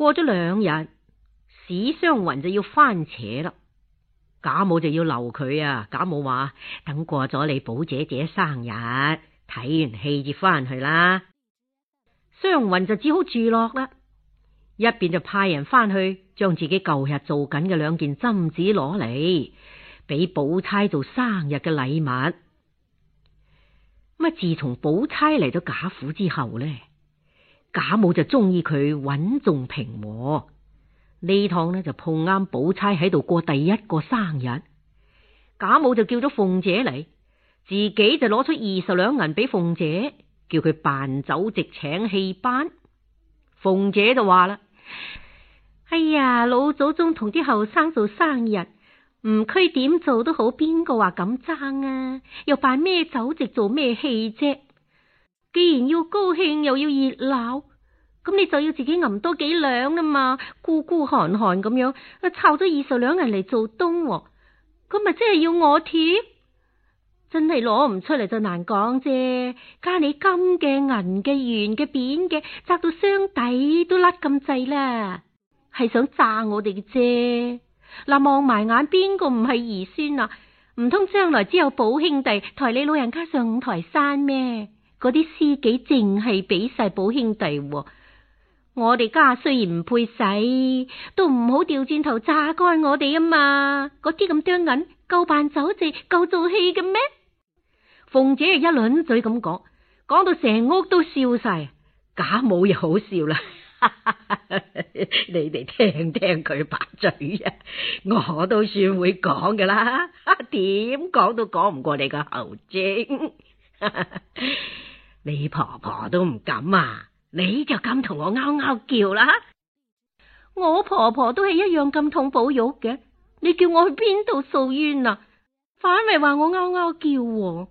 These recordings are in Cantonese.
過咗兩日，史湘雲就要翻斜啦，賈母就要留佢啊。賈母話：等過咗你寶姐姐生日，睇完戲就翻去啦。湘雲就只好住落啦，一邊就派人翻去將自己舊日做緊嘅兩件針黹攞嚟，俾寶釵做生日嘅禮物。乜？自從寶釵嚟到賈府之後咧。賈母就中意佢穩重平和，呢趟呢就碰啱寶釵喺度過第一個生日，賈母就叫咗鳳姐嚟，自己就攞出二十兩銀俾鳳姐，叫佢辦酒席請戲班。鳳姐就話啦，哎呀，老祖宗同啲後生做生日，唔拘點做都好，邊個話咁爭啊？又辦咩酒席做咩戲啫？既然要高興又要熱鬧。咁你就要自己揞多幾兩啦嘛，孤孤寒寒咁樣，湊咗二十兩銀嚟做東，哦，咁咪即係要我貼？真係攞唔出嚟就難講啫。加你金嘅、銀嘅、圓嘅、扁嘅，扎到箱底都甩咁滯啦，係想詐我哋嘅啫。嗱，望埋眼邊個唔係兒孫啊？唔通將來只有寶兄弟抬你老人家上五台山咩？嗰啲私己淨係俾晒寶兄弟，哦。我哋家雖然唔配使，都唔好掉轉頭榨乾我哋啊嘛！嗰啲咁多銀夠辦酒席、夠做戲嘅咩？鳳姐一輪嘴咁講，講到成屋都笑晒。賈母又好笑啦，你哋聽聽佢把嘴啊！我都算會講噶啦，點講都講唔過你個喉精，你婆婆都唔敢啊！你就咁同我嗷嗷叫啦！我婆婆都係一樣咁痛寶玉嘅，你叫我去邊度訴冤啊？反而話我嗷嗷叫，啊。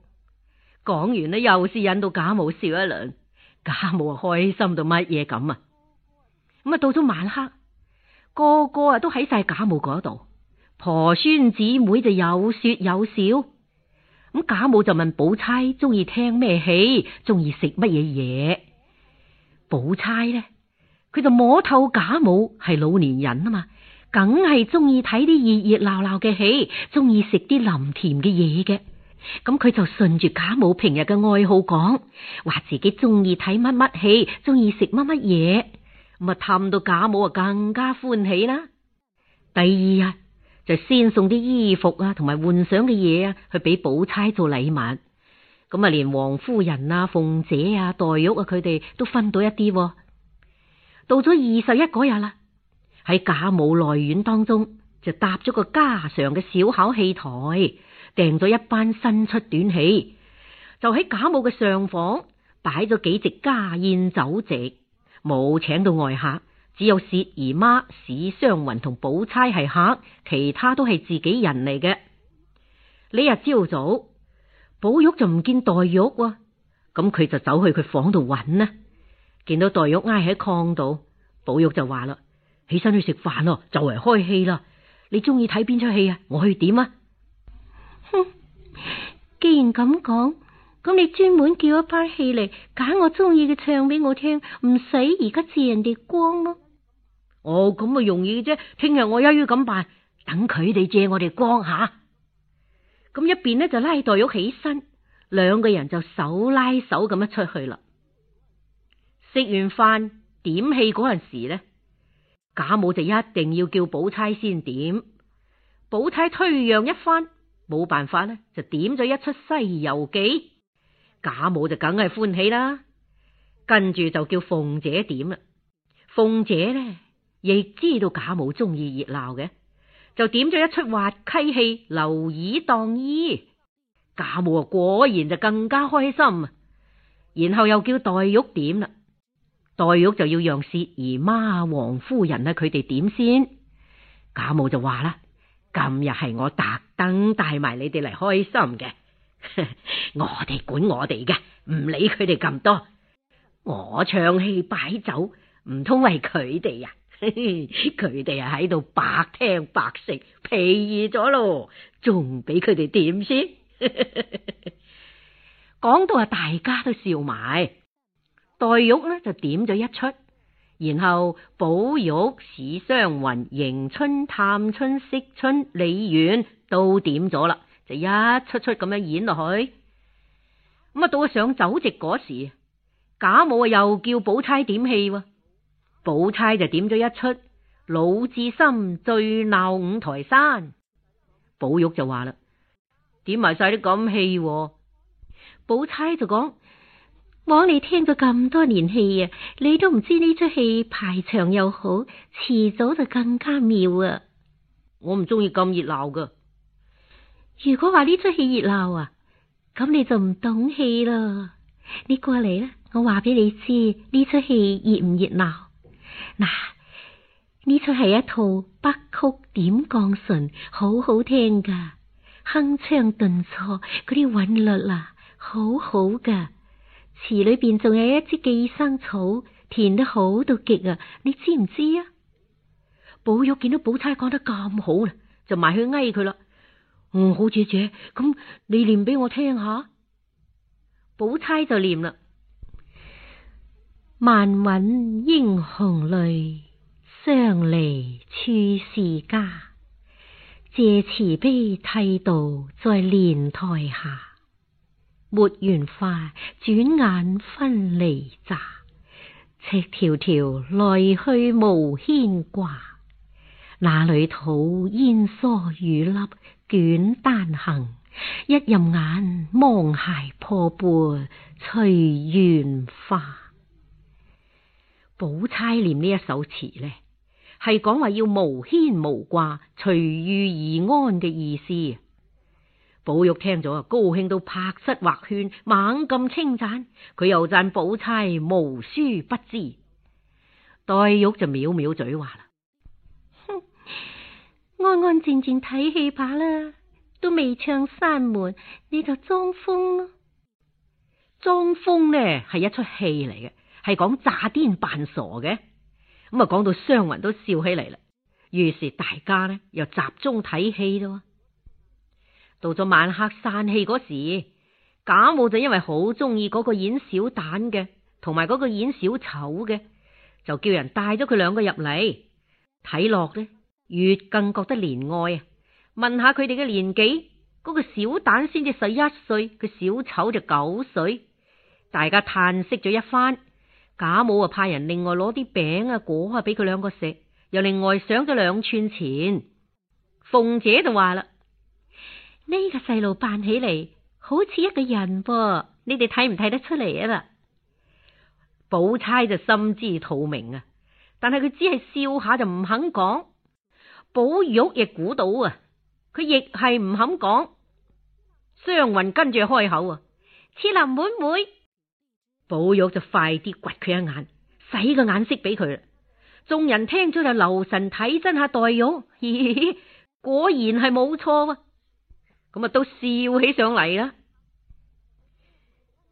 講完呢，又是引到賈母笑一輪，賈母啊開心到乜嘢咁啊！咁啊，到咗晚黑，個個啊都喺晒賈母嗰度，婆孫姊妹就有說有笑。咁賈母就問寶釵中意聽咩戲，中意食乜嘢嘢。寶釵咧，佢就摸透賈母係老年人啊嘛，梗係中意睇啲熱熱鬧鬧嘅戲，中意食啲腍甜嘅嘢嘅。咁佢就順住賈母平日嘅愛好講，話自己中意睇乜乜戲，中意食乜乜嘢，咁啊氹到賈母啊更加歡喜啦。第二日啊，就先送啲衣服啊，同埋換想嘅嘢啊，去俾寶釵做禮物。咁啊，連王夫人啊、鳳姐啊、黛玉啊，佢哋都分到一啲啊。到咗二十一嗰日啦，喺賈母內院當中就搭咗個家常嘅小巧戲台，訂咗一班新出短戲。就喺賈母嘅上房擺咗幾席家宴酒席，冇請到外客，只有薛姨媽、史湘雲同寶釵係客，其他都係自己人嚟嘅。呢日朝早。寶玉就唔見黛玉、啊，咁佢就走去佢房度揾啦。見到黛玉挨喺炕度，寶玉就話啦：起身去食飯咯，就嚟開戲啦。你中意睇邊出戲啊？我去點啊？哼，既然咁講，咁你專門叫一班戲嚟揀我中意嘅唱俾我聽，唔使而家借人哋光咯、啊。哦，咁啊容易啫、啊。聽日我一於咁辦，等佢哋借我哋光下、啊。」咁一邊呢，就拉黛玉起身，兩個人就手拉手咁一出去啦。食完飯點戲嗰陣時咧，賈母就一定要叫寶釵先點，寶釵推讓一番，冇辦法呢，就點咗一出《西遊記》，賈母就梗係歡喜啦。跟住就叫鳳姐點啦，鳳姐呢，亦知道賈母中意熱鬧嘅。就點咗一出滑稽戲《劉二當衣》，賈母啊果然就更加開心。然後又叫黛玉點啦，黛玉就要讓薛姨媽、王夫人啊佢哋點先。賈母就話啦：今日係我特登帶埋你哋嚟開心嘅， 我哋管我哋嘅，唔理佢哋咁多，我唱戲擺酒，唔通為佢哋啊？佢哋啊喺度白聽白食，便宜咗咯，仲俾佢哋點先。講 到啊，大家都笑埋。黛玉呢就點咗一出，然後寶玉、史湘雲、迎春、探春、惜春、李紈都點咗啦，就一出出咁樣演落去。咁啊，到咗上酒席嗰時，賈母啊又叫寶釵點戲啊。寶釵就點咗一出《魯智深醉鬧五台山》，寶玉就話啦：點埋晒啲咁戲。寶釵就講：枉你聽咗咁多年戲啊，你都唔知呢出戲排場又好，遲早就更加妙啊！我唔中意咁熱鬧噶。如果話呢出戲熱鬧啊，咁你就唔懂戲啦。你過嚟啦，我話俾你知呢出戲熱唔熱鬧。嗱，呢出係一套北曲點絳唇，好好聽噶，鏗鏘頓挫，嗰啲韻律啊，好好噶。詞裏邊仲有一支寄生草，填得好到極啊，你知唔知啊？寶玉見到寶釵講得咁好啦，就埋去呓佢啦。嗯，好姐姐，咁你念俾我聽下。寶釵就念啦。漫揾英雄淚，相離處是家。借慈悲剃度，在蓮台下，沒緣法，轉眼分離乍。赤條條來去無牽掛，那裡土煙蓑雨笠卷單行？一任俺芒鞋破缽隨緣化。寶釵念呢一首詞呢，係講話要無牽無掛、隨遇而安嘅意思。寶玉聽咗啊，高興到拍膝畫圈，猛咁稱讚。佢又讚寶釵無書不知。黛玉就藐藐嘴話啦：哼，安安靜靜睇戲罷啦，都未唱山門，你就裝瘋咯。裝瘋呢，係一出戲嚟嘅。係講詐癲扮傻嘅，咁啊講到湘雲都笑起嚟啦。於是大家呢又集中睇戲啦。到咗晚黑散戲嗰時，賈母就因為好中意嗰個演小旦嘅，同埋嗰個演小丑嘅，就叫人帶咗佢兩個入嚟睇落呢，越更覺得憐愛啊！問下佢哋嘅年紀，嗰個小旦先至十一歲，佢小丑就九歲，大家嘆息咗一番。賈母啊，派人另外攞啲餅啊、果啊俾佢兩個食，又另外賞咗兩串錢。鳳姐就話啦：呢個細路扮起嚟好似一個人噃，你哋睇唔睇得出嚟啊？啦，寶釵就心知肚明啊，但係佢只係笑下就唔肯講。寶玉亦估到啊，佢亦係唔肯講。湘雲跟住開口啊：，似林妹妹。寶玉就快啲掘佢一眼，使個眼色俾佢啦。眾人聽咗就留神睇真下黛玉，嘻嘻，果然係冇錯，啊，咁啊都笑起上嚟啦。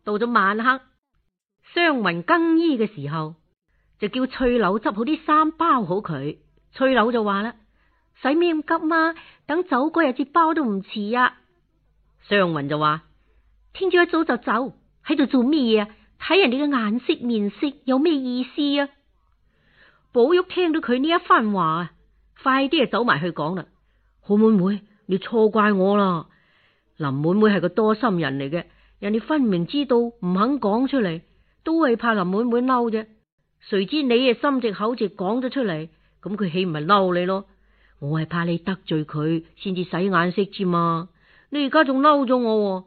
到咗晚黑，湘雲更衣嘅時候，就叫翠柳執好啲衫包好佢。翠柳就話啦：，使咩咁急啊？等走嗰日執包都唔遲啊。湘雲就話：，聽朝一早就走，喺度做咩嘢啊？睇人哋嘅眼色面色有咩意思啊？寶玉聽到佢呢一番話啊，快啲啊走埋去講啦！好妹妹，你錯怪我啦！林妹妹係個多心人嚟嘅，人哋分明知道唔肯講出嚟，都係怕林妹妹嬲啫。誰知你啊心直口直講咗出嚟，咁佢豈唔係嬲你咯？我係怕你得罪佢先至使眼色啫嘛。你而家仲嬲咗我，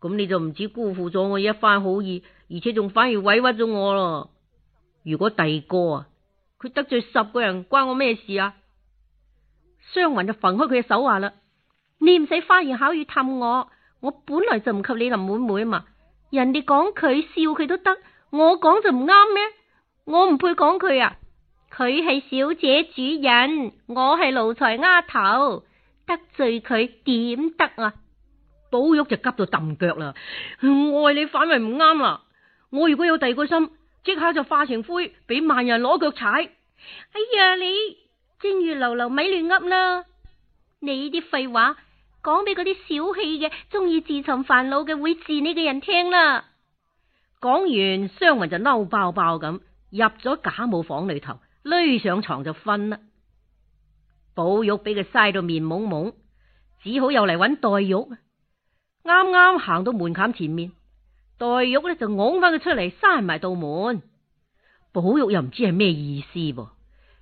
咁你就唔止辜負咗我一番好意。而且仲反而委屈咗我咯。如果第二個佢得罪十個人，關我咩事啊？湘雲就分開佢嘅手話，話啦：你唔使花言巧語氹我，我本來就唔及你林妹妹啊嘛。人哋講佢笑佢都得，我講就唔啱咩？我唔配講佢啊！佢係小姐主人，我係奴才丫頭，得罪佢點得啊？寶玉就急到揼腳啦！愛你反為唔啱啦！我如果有第二個心，即刻就化成灰，俾萬人攞腳踩。哎呀，你貞玉流流咪亂噏啦！你啲廢話講俾嗰啲小氣嘅、中意自尋煩惱嘅會治你嘅人聽啦。講完，湘雲就嬲爆爆咁入咗賈母房裏頭，擂上床就瞓啦。寶玉俾佢嘥到面懵懵，只好又嚟揾黛玉。啱啱行到門檻前面。黛玉咧就拱翻佢出嚟，閂埋道門。寶玉又唔知係咩意思噃，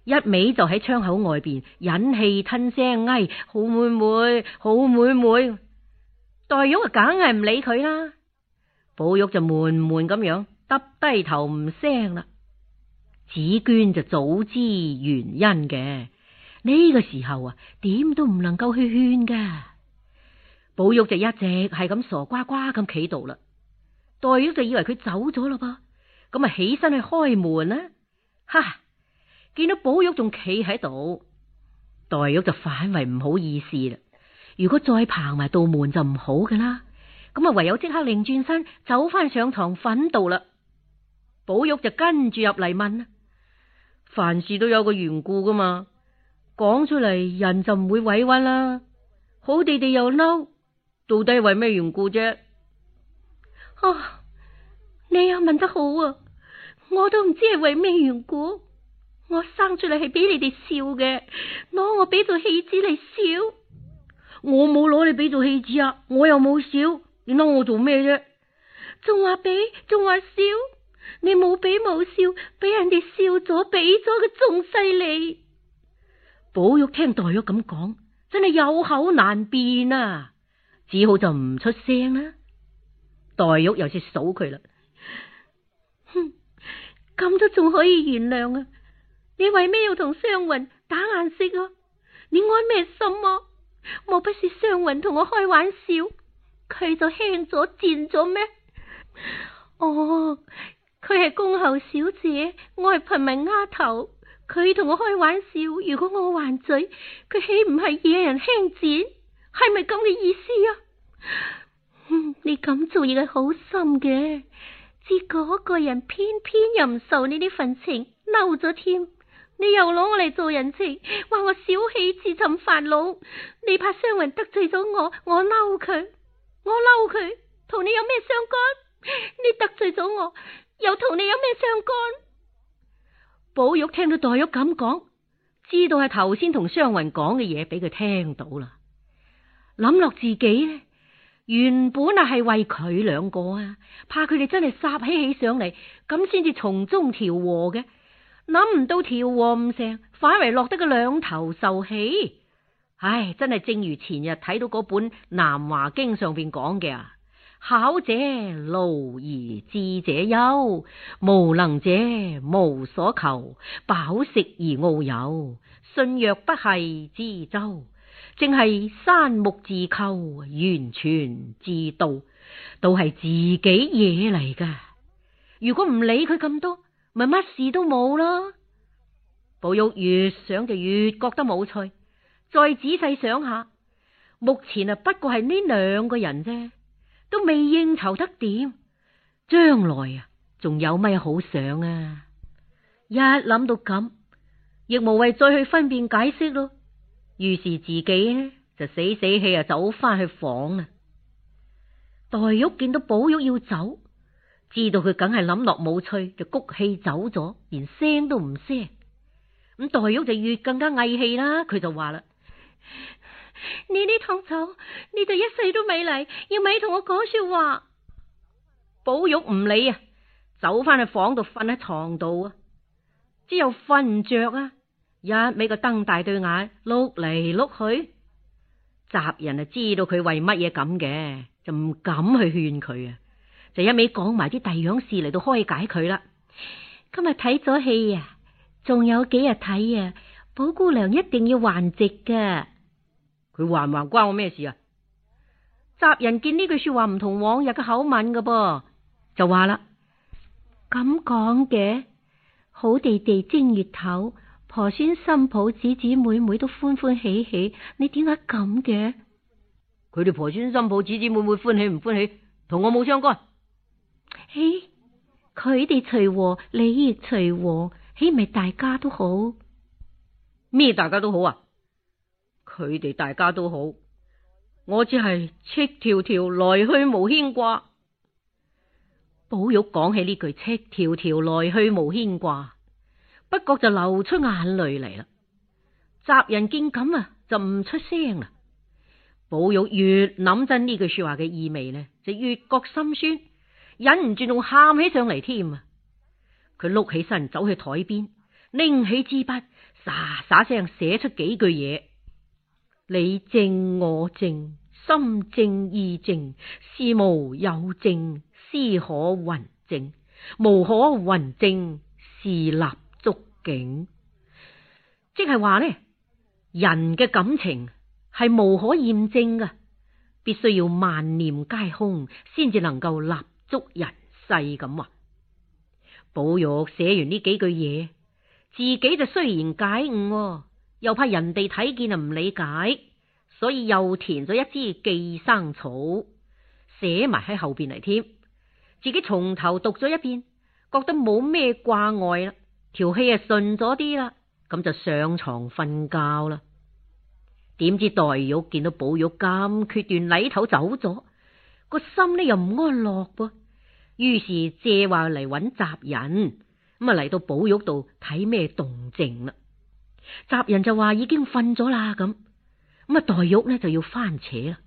一味就喺窗口外邊忍氣吞聲，哎，好妹妹，好妹妹。黛玉啊，梗係唔理佢啦。寶玉就悶悶咁樣耷低頭唔聲啦。紫鵑就早知原因嘅，呢個時候啊，點都唔能夠去勸噶。寶玉就一直係咁傻瓜瓜咁企度啦。黛玉就以為佢走咗咯噃，咁啊起身去開門啦。哈，見到寶玉仲企喺度，黛玉就反為唔好意思啦。如果再嘭埋道門就唔好噶啦，咁啊唯有即刻擰轉身走翻上床瞓度啦。寶玉就跟住入嚟問：凡事都有個緣故噶嘛，講出嚟人就唔會委屈啦。好地地又嬲，到底係為咩緣故啫？哦，oh, 你又問得好啊！我都唔知係為咩緣故，我生出嚟係俾你哋笑嘅，攞我俾做戲子嚟笑。我冇攞你俾做戲子啊！我又冇笑，你攞我做咩啫？仲話俾，仲話笑？你冇俾冇笑，俾人哋笑咗，俾咗個仲犀利。寶玉聽黛玉咁講，真係有口難辯啊！只好就唔出聲啦、啊。黛玉又似數佢啦，哼，咁都仲可以原諒啊？你為咩要同湘雲打眼色啊？你安咩心啊？莫不是湘雲同我開玩笑，佢就輕咗賤咗咩？哦，佢係公侯小姐，我係貧民丫頭，佢同我開玩笑，如果我還嘴，佢豈唔係惹人輕賤？係咪咁嘅意思啊？嗯、你咁做嘢係好心嘅，只果一個人偏偏又唔受你呢份情，嬲咗添。你又攞我嚟做人情，話我小氣自尋煩惱。你怕湘雲得罪咗我，我嬲佢，我嬲佢，同你有咩相干？你得罪咗我，又同你有咩相干？寶玉聽到黛玉咁講，知道係頭先同湘雲講嘅嘢俾佢聽到啦。諗落自己呢。原本啊係為佢兩個啊，怕佢哋真係煞起起上嚟，咁先至從中調和嘅。諗唔到調和唔成，反為落得個兩頭受氣。唉，真係正如前日睇到嗰本《南華經》上邊講嘅啊：巧者勞而智者憂，無能者無所求，飽食而傲有。信若不繫之舟。正係山木自寇，完全自導，都係自己嘢嚟噶。如果唔理佢咁多，咪乜事都冇咯。寶玉越想就越覺得冇趣，再仔細想下，目前啊不過係呢兩個人啫，都未應酬得掂，將來啊仲有咩好想啊？一諗到咁，亦無謂再去分辨解釋咯。於是自己呢，就死死氣啊，走翻去房啦。黛玉見到寶玉要走，知道佢梗係諗落冇趣，就谷氣走咗，連聲都唔聲。咁黛玉就越更加翳氣啦，佢就話啦：你呢趟走，你就一世都未嚟，要咪同我講說話。寶玉唔理啊，走翻去房度瞓喺床度啊，只有瞓唔着啊。一味個瞪大對眼，碌嚟碌去，襲人啊，知道佢為乜嘢咁嘅，就唔敢去勸佢啊，就一味講埋啲第樣事嚟到開解佢啦。今日睇咗戲啊，仲有幾日睇啊，寶姑娘一定要還席噶，佢還唔還關我咩事啊？襲人見呢句說話唔同往日嘅口吻嘅噃，就話啦：咁講嘅好地地正月頭。婆孫、新抱、姊姊、妹妹都歡歡喜喜，你點解咁嘅？佢哋婆孫、新抱、姊姊、妹妹歡喜唔歡喜，同我冇相干。嘿，佢哋隨和，你亦隨和，豈、hey, 咪大，大家都好？咩大家都好啊？佢哋大家都好，我只係赤條條來去無牽掛。寶玉講起呢句赤條條來去無牽掛，不覺就流出眼淚嚟啦。襲人見咁啊，就唔出聲啦。寶玉越諗真呢句說話嘅意味呢，就越覺心酸，忍唔住仲喊起上嚟添。佢碌起身走去台邊，拎起支筆，沙沙聲寫出幾句嘢：你正我正，心正意正，事無有正，思可云正，無可云正，事立。竟，即係話呢，人嘅感情係無可驗證噶必須要萬念皆空，先至能夠立足人世咁啊！寶玉寫完呢幾句嘢，自己就雖然解悟，又怕人哋睇見啊唔理解，所以又填咗一支寄生草，寫埋喺後邊嚟添。自己從頭讀咗一遍，覺得冇咩掛礙啦。條氣啊順咗啲啦，咁就上床瞓覺啦。點知黛玉見到寶玉咁決斷，禮頭走咗，個心呢又唔安樂噃，於是借話嚟搵襲人，咁啊嚟到寶玉度睇咩動靜啦。襲人就話已經瞓咗啦，咁咁啊黛玉呢就要翻斜啦。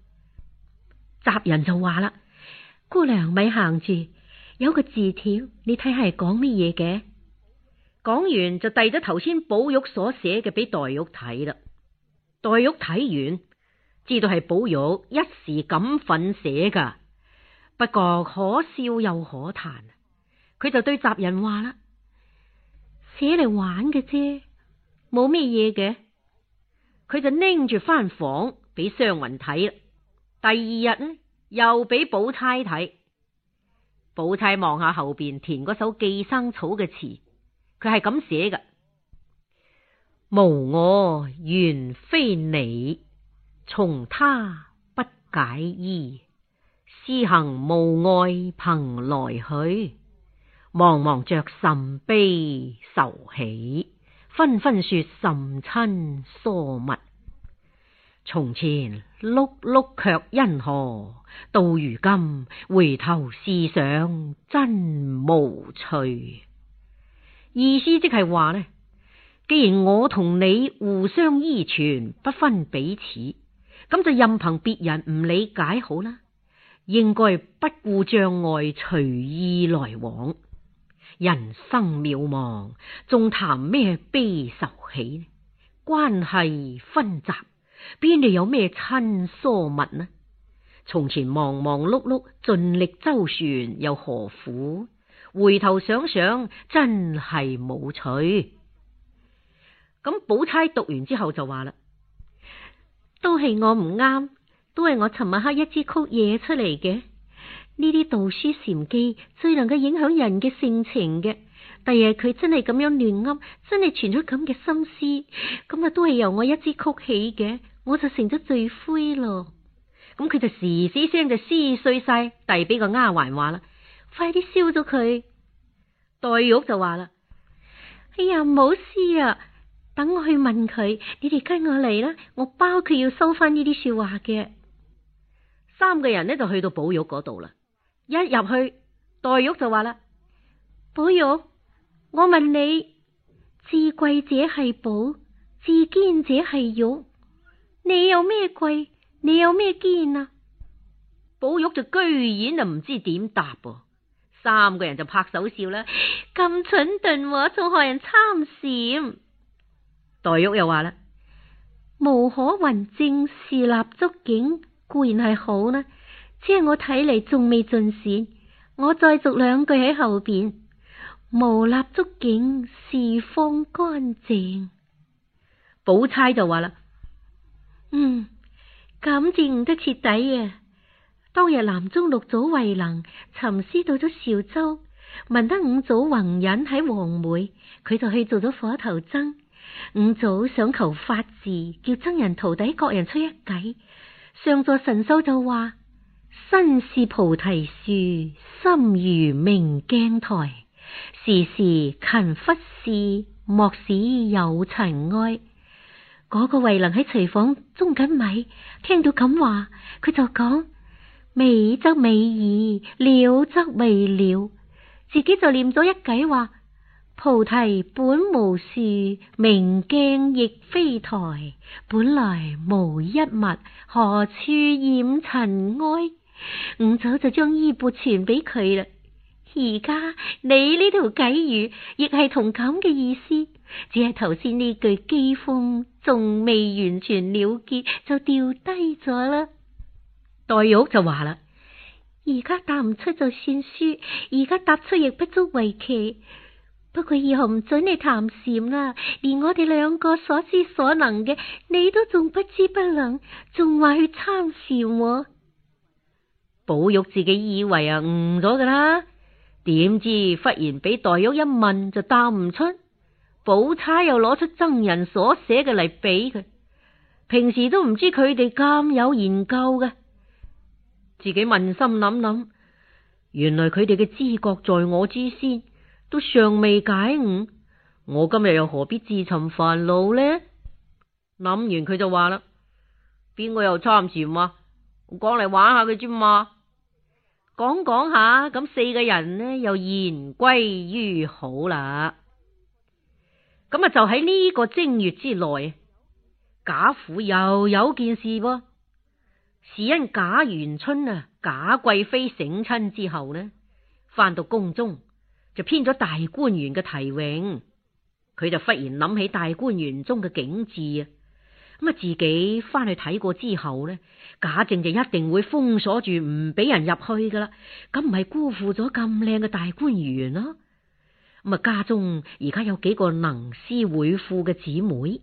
襲人就話啦，姑娘咪行住，有個字條，你睇下係講乜嘢嘅。講完就遞咗頭先寶玉所寫嘅俾黛玉睇啦，黛玉睇完知道係寶玉一時感憤寫噶，不過可笑又可嘆，佢就對襲人話啦：寫嚟玩嘅啫，冇咩嘢嘅。佢就拎住翻房俾湘雲睇啦。第二日呢，又俾寶釵睇，寶釵望下後邊填嗰首寄生草嘅詞。佢係咁寫嘅：無我原非你，從他不解伊，肆行無礙憑來去。茫茫着甚悲愁喜，紛紛說甚親疏密。從前碌碌卻因何？到如今回頭思想，真無趣。意思即係話咧，既然我同你互相依存，不分彼此，咁就任憑別人唔理解好啦。應該不顧障礙，隨意來往。人生渺茫，仲談咩悲愁喜呢？關係紛雜，邊度有咩親疏密呢？從前忙忙碌碌，盡力周旋，又何苦？回頭想想，真係冇趣。咁寶釵讀完之後就話啦：都係我唔啱，都係我尋晚黑一支曲惹出嚟嘅。呢啲道書禪機最能夠影響人嘅性情嘅。第日佢真係咁樣亂噏，真係存咗咁嘅心思，咁啊都係由我一支曲起嘅，我就成咗罪魁咯。咁佢就時時聲就撕碎晒，遞俾個丫鬟話啦。快啲燒咗佢！黛玉就話啦：，哎呀，唔好撕啊，等我去問佢，你哋跟我嚟啦，我包佢要收翻呢啲說話嘅。三個人呢就去到寶玉嗰度啦，一入去，黛玉就話啦：，寶玉，我問你，至貴者係寶，至堅者係玉，你有咩貴？你有咩堅啊？寶玉就居，居然啊，唔知點答噃。三個人就拍手笑啦，咁蠢鈍，仲害人參禪？黛玉又話啦：，無可云證，是立足境固然係好呢，只係我睇嚟，仲未盡善。我再續兩句喺後邊：，無立足境是乾淨，是方乾淨。寶釵就話啦：，嗯，咁字唔得徹底啊！當日南中六祖慧能尋師到咗韶州，聞得五祖弘忍喺黃梅，佢就去做咗火頭僧。五祖想求法字，叫僧人徒弟各人出一偈。上座神秀就話：身是菩提樹，心如明鏡台。時時勤拂拭，莫使有塵埃。嗰個慧能喺廚房舂緊米，聽到咁話，佢就講。美則美矣，了則未了。自己就念咗一偈話：菩提本無樹，明鏡亦非台。本來無一物，何處染塵埃？五祖就將衣缽傳俾佢啦。而家你呢條偈語，亦係同咁嘅意思，只係頭先呢句機鋒仲未完全了結，就掉低咗啦。黛玉就話啦：而家答唔出就算輸，而家答出亦不足為奇。不過以後唔准你談禪啦，連我哋兩個所知所能嘅，你都仲不知不能，仲話去參禪。寶玉自己以為啊誤咗噶啦，點知忽然俾黛玉一問就答唔出。寶釵又攞出僧人所寫嘅嚟俾佢，平時都唔知佢哋咁有研究嘅。自己問心諗諗，原來佢哋嘅知覺在我之先，都尚未解悟。我今日又何必自尋煩惱呢？諗完佢就話啦，邊個又參禪話？我講嚟玩下佢啫嘛，講講下咁四個人呢又言歸於好啦。咁啊就喺呢個正月之內，賈府又有件事噃。是因賈元春啊，賈貴妃省親之後呢，返到宮中就編咗大觀園嘅題詠，佢就忽然諗起大觀園中嘅景致啊，咁啊自己返去睇過之後呢，賈政就一定會封鎖住唔俾人入去噶啦，咁唔係辜負咗咁靚嘅大觀園咯，咁啊家中而家有幾個能詩會賦嘅姊妹，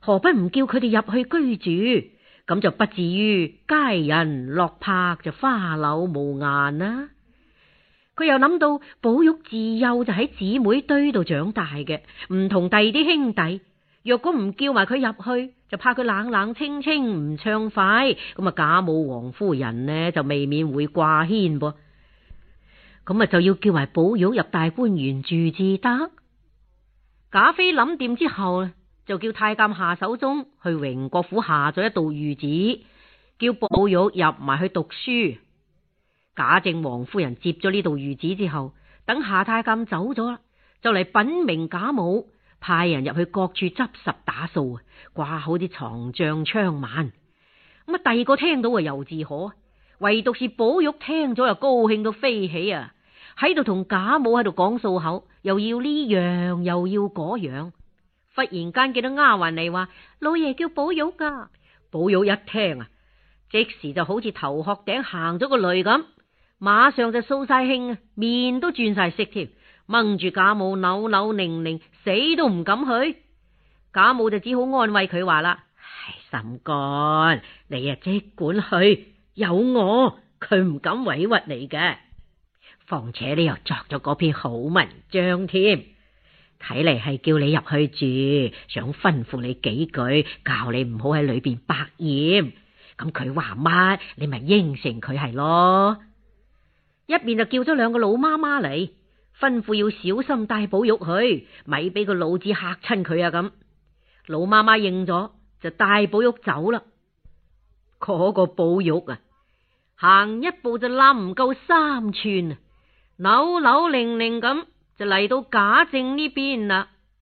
何不唔叫佢哋入去居住？咁就不至於佳人落魄就花柳無顏啦。佢又諗到寶玉自幼就喺姊妹堆度長大嘅，唔同第啲兄弟，若果唔叫埋佢入去，就怕佢冷冷清清唔暢快，咁啊賈母王夫人呢就未免會掛牽噃。咁啊就要叫埋寶玉入大觀園住至得。賈妃諗掂之後呢，就叫太監夏守忠去榮國府下咗一道御旨，叫寶玉入埋去讀書。賈政王夫人接咗呢道御旨之後，等夏太監走咗啦，就嚟品明賈母，派人入去各處執拾打掃啊，掛好啲床帳窗幔。咁啊，第二個聽到啊，尤自可，唯獨是寶玉聽咗又高興到飛起啊，喺度同賈母喺度講數口，又要呢樣又要嗰樣。忽然間見到丫鬟嚟話，老爺叫寶玉噶、啊，寶玉一聽啊，即時就好似頭殼頂行咗個雷咁，馬上就掃晒興啊，面都轉晒色添，掹住賈母扭扭擰擰，死都唔敢去。賈母就只好安慰佢話啦：唉，心肝，你啊即管去，有我，佢唔敢委屈你嘅，況且你又作咗嗰篇好文章添。睇嚟係叫你入去住，想吩咐你幾句，教你唔好喺裏邊百厭。咁佢話乜，你咪應承佢係咯。一邊就叫咗兩個老媽媽嚟，吩咐要小心帶寶玉去，咪俾個老子吓親佢啊！咁老媽媽應咗，就帶寶玉走啦。嗰、那個寶玉啊，行一步就冧唔夠三寸，扭扭擰擰咁。就嚟到賈政呢邊啦。